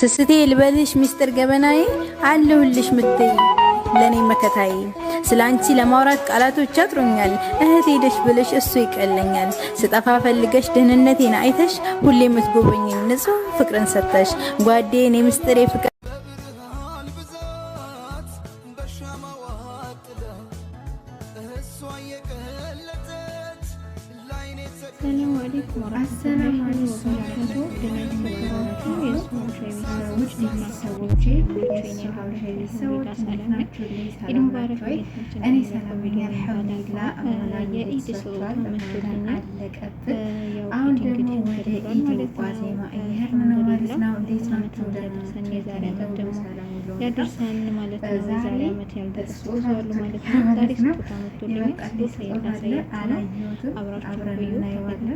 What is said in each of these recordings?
ስስቴ ልበልሽ ሚስጥር ገበናዬ አለሁልሽ ምትይ ለኔ መከታዬ ስለ አንቺ ለማውራት ቃላቶች አጥሮኛል እህት ሄደሽ ብለሽ እሱ ይቀለኛል። ስጠፋ ፈልገሽ ደህንነቴን አይተሽ ሁሌ የምትጎበኝ ንጹህ ፍቅርን ሰጠሽ ጓዴ እኔ ምስጥር የፍቅር አሰላሙ አለይኩም ወራህመቱላሂ ያደርሰን ማለት ነው። የዛሬ ዓመት ያልደረሱ አሉ ማለት ነው። ዛሬ ስጦታ መጥቶልኛል። አብራችሁ ቆዩ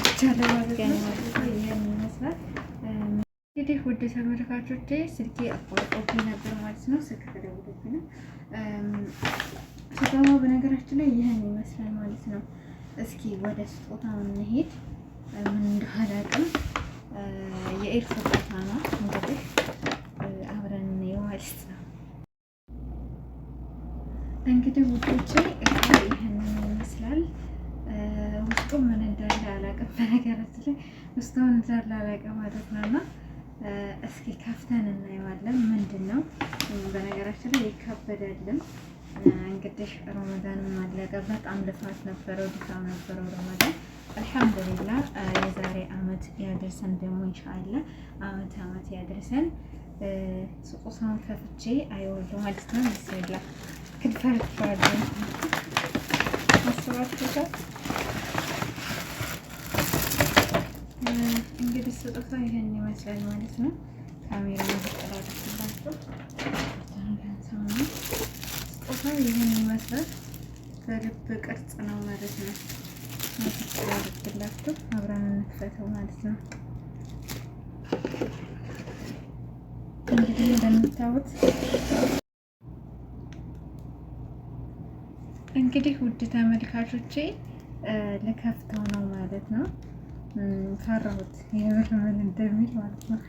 ውድ ተመልካቾቼ ስልኬ ቆርጦብኝ ነበር ማለት ነው። ስልክ ተደውሎብኝ ነው። ስጦታው በነገራችን ላይ ይህን ይመስላል ማለት ነው። እስኪ ወደ ስጦታ እንሄድ። ምን እንዳለ አቅም የኤድ ስጦታ ነው እንግዲህ አብረን የዋልስ ነው እንግዲህ ውዶቼ እቃ ይህን ይመስላል። ውስጡ ምን እንዳለ አላውቅም። በነገራችን ላይ ውስጡ ምን እንዳለ አላውቅም ማለት ነው እና እስኪ ከፍተን እናየዋለን። ምንድን ነው በነገራችን ላይ ይካበዳልም እንግዲህ ረመዳን ማለቀ በጣም ልፋት ነበረው፣ ድካም ነበረው ረመዳን አልሐምዱሊላ የዛሬ አመት ያደርሰን ደግሞ እንሻአለ አመት አመት ያደርሰን። ስቁሳን ከፍቼ አይወሉ ማለት ነው። ምስላ ክፈርፋለ አስባችሁታ እንግዲህ ስጦታ ይሄን ይመስላል ማለት ነው። ካሜራ ተጠራርኩላችሁ ስጦታው ይሄን ይመስላል። ከልብ ቅርጽ ነው ማለት ነው። ተጠራርኩላችሁ አብረን እንፈተው ማለት ነው። እንግዲህ እንደምታዩት እንግዲህ ውድ ተመልካቾቼ ልከፍተው ነው ማለት ነው። ፈራሁት። የብር ምን እንደሚል ማለት ነው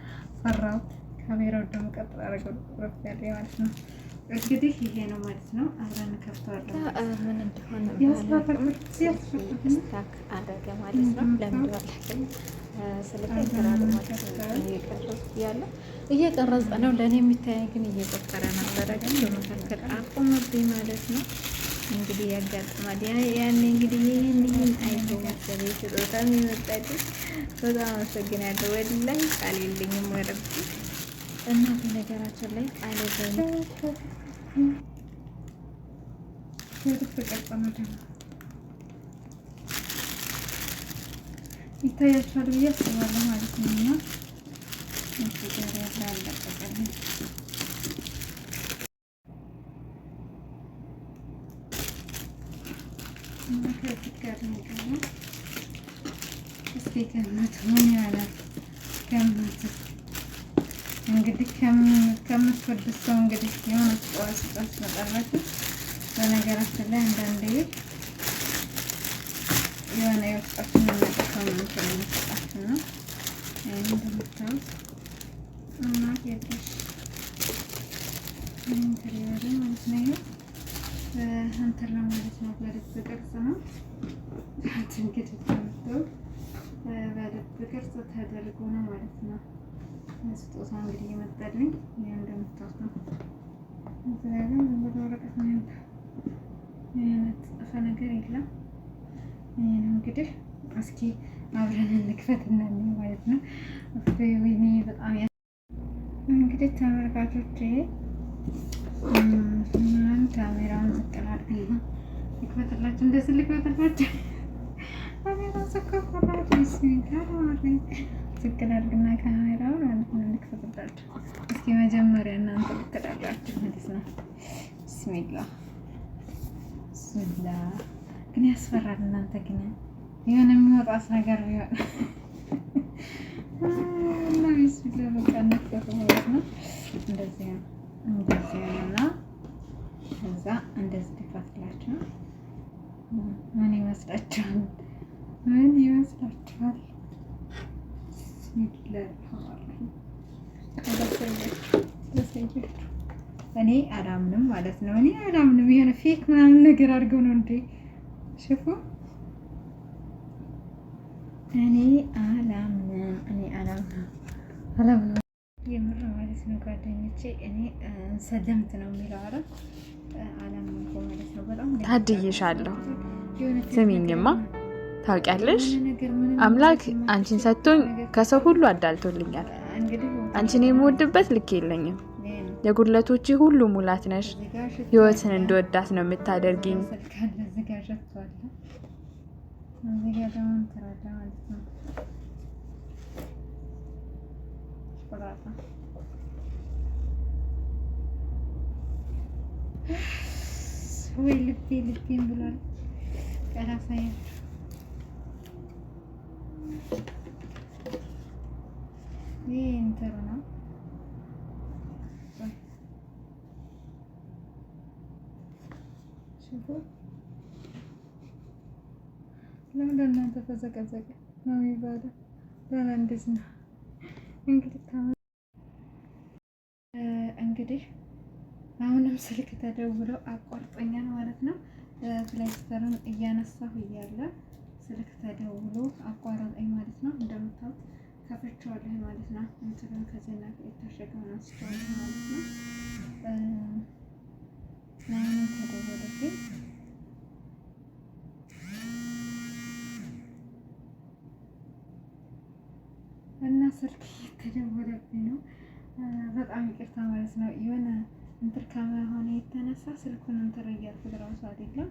ፈራሁት። ካሜራው ደግሞ ቀጥል አደረገው ረፍ ያለ ማለት ነው። እንግዲህ ይሄ ነው ማለት ነው። አብረን ከፍተዋለን። ምን አደረገ ማለት ነው። ለምን ይወላል እየቀረጸ ነው። ለእኔ የሚታየኝ ግን እየቆጠረ ነበረ፣ ግን በመካከል አቆመብኝ ማለት ነው። እንግዲህ ያጋጥማል። ያን እንግዲህ ይህን ይህን አይነት መሰለኝ ስጦታ የመጣልኝ በጣም አመሰግናለሁ። ወላሂ ቃል የለኝም። ወረብ እና በነገራችን ላይ ቃል ይታያቸዋል ብዬ አስባለሁ ማለት ነው እና እስኪ ገምት፣ ምን ያህል ገምት። እንግዲህ ከምትወድ ሰው እንግዲህ የሆነ ስጠዋ ስጠት መጠራችሁ። በነገራችን ላይ አንዳንዴ የሆነ የውስጣችን የምንጠፋው ምንትን የምንሰጣችን ነው። ይህን እንደምታዩት እና ሄደሽ ይህን ማለት ነው። እንትን ነው ማለት ነው። በልብ ቅርጽ ነው እንግዲህ ተምተው በልብ ቅርጽ ተደርጎ ነው ማለት ነው። ስጦታ እንግዲህ እየመጣልኝ ይህ እንደምታውቁ ነው። ምክንያቱም ወደ ወረቀት ነው የተጻፈ ነገር የለም። ይህን እንግዲህ እስኪ አብረን እንክፈት እናለን ማለት ነው። ወይኔ በጣም እንግዲህ ተመልካቾች ካሜራውን ዝቅላል ልክፈትላችሁ፣ እንደዚህ ልክፈትላችሁ። ካሜራ ዝቅላልና ካሜራው ልክፈትላችሁ። እስኪ መጀመሪያ እናንተ ልክላላችሁ ማለት ነው። ብስሚላ ብስሚላ። ግን ያስፈራል። እናንተ ግን የሆነ የሚወጣስ ነገር ቢሆን እና ቢስሚላ በቃ እንደዚህ ነው እንደዚህ ነው እና ከዛ እንደዚህ ልፈትላችሁ ምን ይመስላችኋል? ምን ይመስላችኋል? እኔ አላምንም ማለት ነው። እኔ አላምንም። የሆነ ፌክ ምናምን ነገር አድርገው ነው እንዴ? ሽፉ እኔ አላምንም። እኔ አላምንም። አላምንም የምር ማለት ነው ጓደኞቼ፣ እኔ ሰለምት ነው የሚለው አረ አላም ማለት ነው። በጣም ታድይሻለሁ። ስሚኝማ ታውቂያለሽ፣ አምላክ አንቺን ሰጥቶኝ ከሰው ሁሉ አዳልቶልኛል። አንቺን የምወድበት ልክ የለኝም። የጉለቶች ሁሉ ሙላት ነሽ። ህይወትን እንደወዳት ነው የምታደርግኝ። ቆራጣ ወይ ልቤ ልቤን ብሏል። ቀራሳያችሁ ይህ እንትኑ ነው። ለምን ለእናንተ ተዘቀዘቀ ነው የሚባለው? ለምን እንደዚህ ነው? እንግዲህ አሁንም ስልክ አቋርጦኛል ማለት ነው። ፕሌይስተርን እያነሳሁ እያለ ስልክ ተደውሎ አቋረጠኝ ማለት ነው። እንደምታውቅ ከፍቼዋለሁ ማለት ነው። እንትኑን ከዜና የታሸገውን አንስቼዋለሁ ማለት ነው። አሁንም ተደወለብኝ። ስልክ እየተደወለብኝ ነው። በጣም ይቅርታ ማለት ነው። የሆነ እንትን ከመሆነ የተነሳ ስልኩን እንትን እያልኩት ራሱ አይደለም።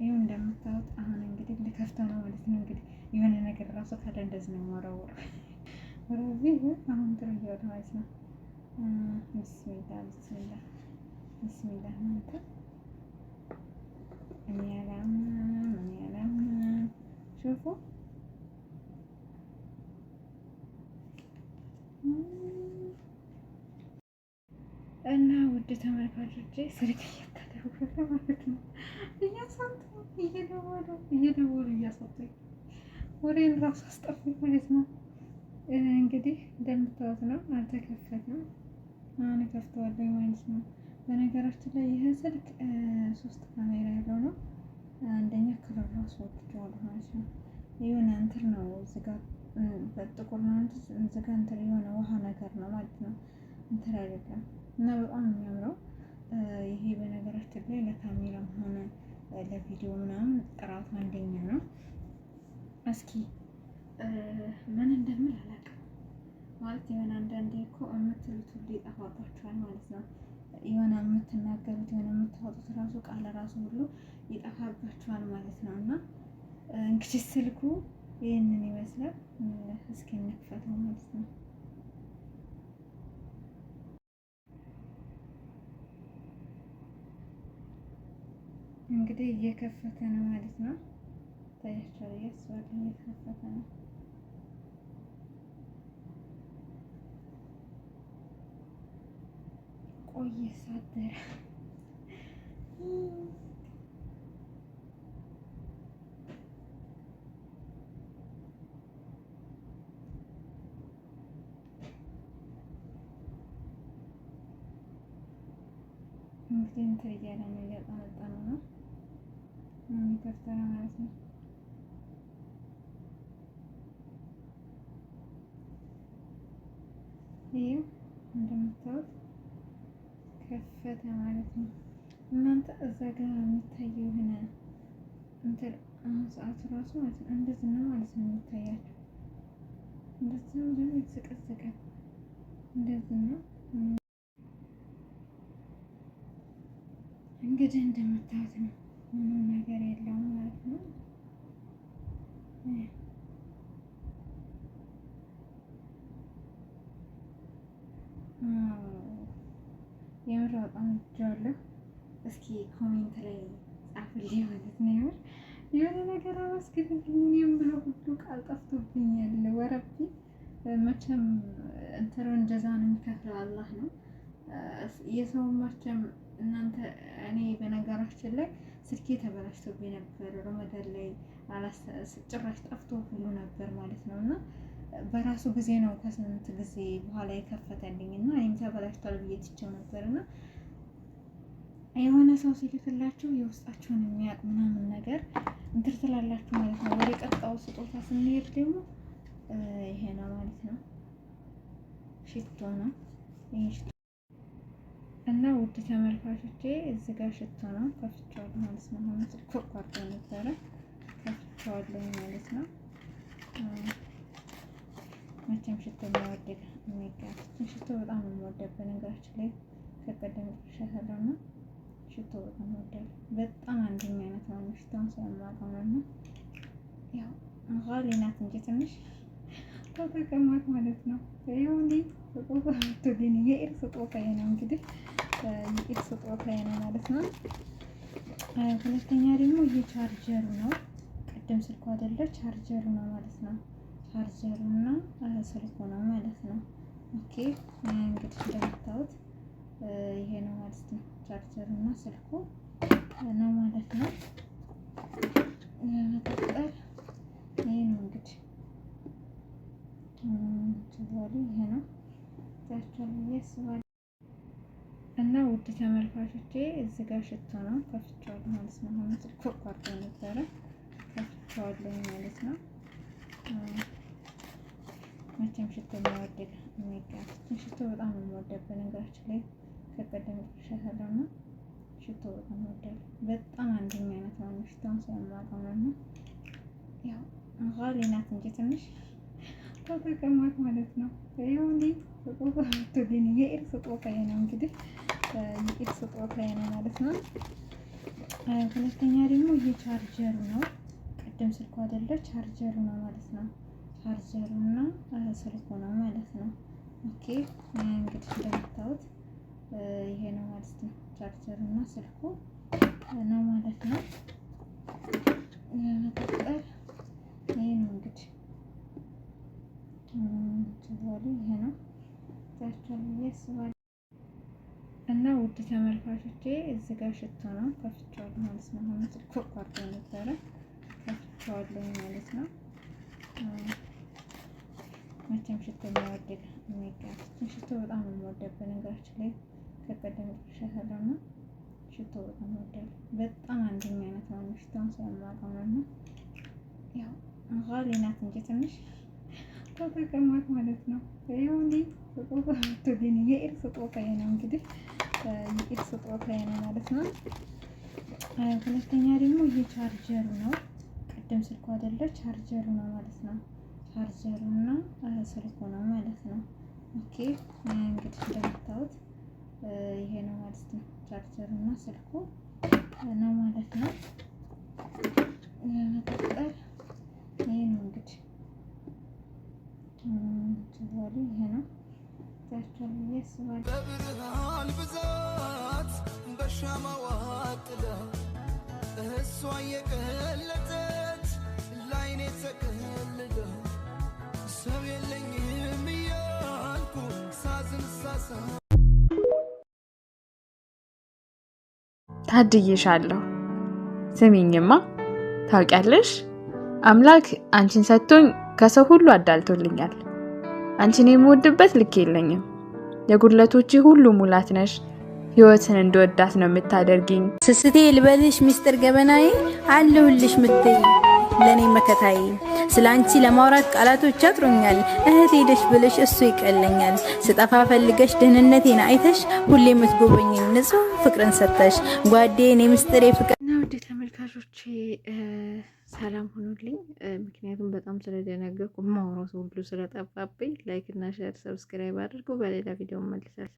ይኸው እንደምታወጥ አሁን እንግዲህ ልከፍተው ነው ማለት ነው። እንግዲህ የሆነ ነገር ራሱ ካለ እንደዚህ ነው መረውር ስለዚህ አሁን እንትን እያወደ ማለት ነው። ብስሚላ ብስሚላ ብስሚላ ናንተ እኔ ያላምን እኔ ያላምን ሹፉ እና ውድ ተመልካቾች ስልክ እየተደወለ ማለት ነው። እያሳጡ እየደወሉ እየደወሉ እያሳጡ ወሬን ራሱ አስጠፉ ማለት ነው። እንግዲህ እንደምታወት ነው አልተከፈተም። አሁን ከፍተዋለሁ ማለት ነው። በነገራችን ላይ ይህ ስልክ ሶስት ካሜራ ያለው ነው። አንደኛ ክፍል ራሱ ወጥተዋል ማለት ነው። ይሁን አንትር ነው ዝጋት በጥቁር ነው እዚጋ እንትን የሆነ ውሃ ነገር ነው ማለት ነው። እንትን አይደለም እና በጣም የሚያምረው ይሄ በነገራችን ላይ ለካሜራም ሆነ ለቪዲዮ ምናምን ጥራቱ አንደኛ ነው። እስኪ ምን እንደምል አላውቅም። ማለት የሆነ አንዳንዴ እኮ የምትሉት ሁሉ ይጠፋባችኋል ማለት ነው። የሆነ የምትናገሩት የሆነ የምታወጡት ራሱ ቃል ራሱ ሁሉ ይጠፋባችኋል ማለት ነው እና እንግዲህ ስልኩ ይህንን ይመስላል። እስኪ እንክፈተው ማለት ነው። እንግዲህ እየከፈተ ነው ማለት ነው። ታያችኋል፣ እያስባለሁ እየከፈተ ነው። ቆየ ሳደረ እንግዲህ እንትን እያለ ነው እያጠነጠነ ነው የሚከፍተው ማለት ነው። ይህ እንደምታዩት ከፈተ ማለት ነው። እናንተ እዛ ጋር የሚታየው የሆነ እንትን አሁን ሰዓት ራሱ ማለት ነው እንደዚህ ነው ማለት ነው የሚታያቸው እንደዚህ ነው ደግሞ የተዘቀዘቀ እንደዚህ ነው። እንግዲህ እንደምታዩት ነው። ምንም ነገር የለውም ማለት ነው። የምር በጣም እወዳለሁ። እስኪ ኮሜንት ላይ ጻፍልኝ ማለት ነው። የምር የሆነ ነገር አላስገድልኝ እኔም ብሎ ሁሉ ቃል ጠፍቶብኛል። ወረቢ መቼም እንትኑን ጀዛን ነው የሚከፍለው አላህ ነው የሰውን መቼም እናንተ እኔ በነገራችን ላይ ስልኬ ተበላሽቶብኝ ነበር። ረመዳን ላይ ጭራሽ ጠፍቶ ሁሉ ነበር ማለት ነው እና በራሱ ጊዜ ነው ከስንት ጊዜ በኋላ የከፈተልኝ እና እኔም ተበላሽቷል ብዬ ትቼው ነበር እና የሆነ ሰው ሲልክላችሁ የውስጣችሁን የሚያውቅ ምናምን ነገር እንትን ትላላችሁ ማለት ነው። ወደ ቀጣው ስጦታ ስንሄድ ደግሞ ይሄ ነው ማለት ነው፣ ሽቶ ነው። እና ውድ ተመልካቾቼ እዚህ ጋር ሽቶ ነው ከፍቼዋለሁ ማለት ነው። አሁን ስልክ ቆርጦ ነበረ ከፍቼዋለሁ ማለት ነው። መቼም ሽቶ የሚወደድ የሚጋችን ሽቶ በጣም የምወደድ በነገራችን ላይ ከቀደም ቅሻሻለው እና ሽቶ በጣም ወደድ በጣም አንደኛ አይነት ነው። ሽቶን ስለማውቀው ነው እና ያው ቃል ናት እንጂ ትንሽ ተጠቀማት ማለት ነው። ይሁን ቆቆ ግን የኤርስ ቆቆ ነው እንግዲህ የኢድ ስጦታዬ ነው ማለት ነው። ሁለተኛ ደግሞ የቻርጀሩ ነው። ቅድም ስልኩ አይደለ ቻርጀሩ ነው ማለት ነው። ቻርጀሩና ስልኩ ነው ማለት ነው። ኦኬ እንግዲህ እንደምታዩት ይሄ ነው ማለት ነው። ቻርጀሩና ስልኩ ነው ማለት ነው። መቀጠል ይሄ ነው እንግዲህ ይሄ ነው ቻርጀሩ ውድ ተመልካቾቼ እዚህ ጋር ሽቶ ነው ከፍቼዋለሁ ማለት ነው። አሁን ስልክ ቆርጦ ነበረ ከፍቼዋለሁ ማለት ነው። መቼም ሽቶ የሚወደድ የሚጋችን ሽቶ በጣም የምወደድ በነገራችን ላይ ከቀደም ሻሻለው እና ሽቶ በጣም ወዳል በጣም አንደኛ አይነት ነው። ሽቶን ስለማውቀው ነው። ያው ቃል ናት እንጂ ትንሽ ተጠቀማት ማለት ነው። ይሁን ቆቆ ቱግን የኤርስ ቆቆ ነው እንግዲህ የኢድ ስጦታ ነው ማለት ነው። ሁለተኛ ደግሞ የቻርጀሩ ነው። ቀደም ስልኩ አይደለ ቻርጀሩ ነው ማለት ነው። ቻርጀሩና ስልኩ ነው ማለት ነው። ኦኬ እንግዲህ እንደምታዩት ይሄ ነው ማለት ነው። ቻርጀሩና ስልኩ ነው ማለት ነው። መቀጠል ይሄ ነው እንግዲህ ይሄ ነው ቻርጀሩ እና ውድ ተመልካቾቼ እዚህ ጋር ሽቶ ነው ከፍቼዋለሁ ማለት ነው። አሁን ስልክ ቆርጦ ነበረ ከፍቼዋለሁ ማለት ነው። መቼም ሽቶ የሚወደድ የሚጋችን ሽቶ በጣም የምወደድ በነገራችን ላይ ከቀደም ሸሰለው ሽቶ በጣም ወደድ በጣም አንደኛ አይነት ነው። ሽቶን ስለማውቀው ነው። ያው ቃል ናት እንጂ ትንሽ ተጠቀማት ማለት ነው። ይሁን ቆቆ ግን የኤርስ ቆቆ ነው እንግዲህ የኢድ ስጦታ ነው ማለት ነው። ሁለተኛ ደግሞ ይሄ ቻርጀሩ ነው። ቅድም ስልኩ አይደለ ቻርጀሩ ነው ማለት ነው። ቻርጀሩ እና ስልኩ ነው ማለት ነው። ኦኬ እንግዲህ እንደምታዩት ይሄ ነው ማለት ነው። ቻርጀሩ እና ስልኩ ነው ማለት ነው። ለመቀጠል ይሄ ነው እንግዲህ ይሄ ነው በብርሃን ብዛት በሻማዋ ጥላ እሷ የቀለጠች ላይኔ ተቀልዳ ሰው የለኝም እያልኩ ሳዝን ሳሳ ታድይሻለሁ። ስሚኝማ ታውቂያለሽ፣ አምላክ አንቺን ሰጥቶኝ ከሰው ሁሉ አዳልቶልኛል። አንቺን የምወድበት ልክ የለኝም። የጉድለቶች ሁሉ ሙላት ነሽ። ህይወትን እንደወዳት ነው የምታደርግኝ። ስስቴ ልበልሽ ሚስጥር ገበናዬ አለሁልሽ ምትይ ለእኔ መከታዬ። ስለ አንቺ ለማውራት ቃላቶች አጥሮኛል። እህት ሄደሽ ብለሽ እሱ ይቀለኛል። ስጠፋ ፈልገሽ ደህንነቴን አይተሽ ሁሌ የምትጎበኝን ንጹህ ፍቅርን ሰጥተሽ ጓዴ እኔ ምስጢር የፍቅር ተመልካቾቼ ሰላም ሁኑልኝ። ምክንያቱም በጣም ስለደነገርኩ ማውራት ሁሉ ስለጠፋብኝ፣ ላይክ እና ሼር ሰብስክራይብ አድርጉ። በሌላ ቪዲዮ መልሳል።